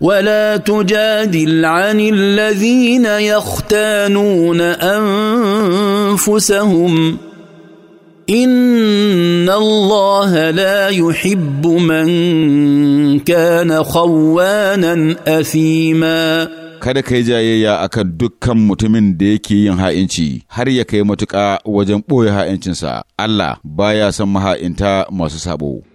ولا تجادل عن الذين يختانون انفسهم ان الله لا يحب من كان خوانا اثيما kada ka yi jayayya akan dukkan mutumin da yake yin ha'inci har ya kai matuƙa wajen ɓoye ha'incinsa Allah baya son maha'inta masu sabo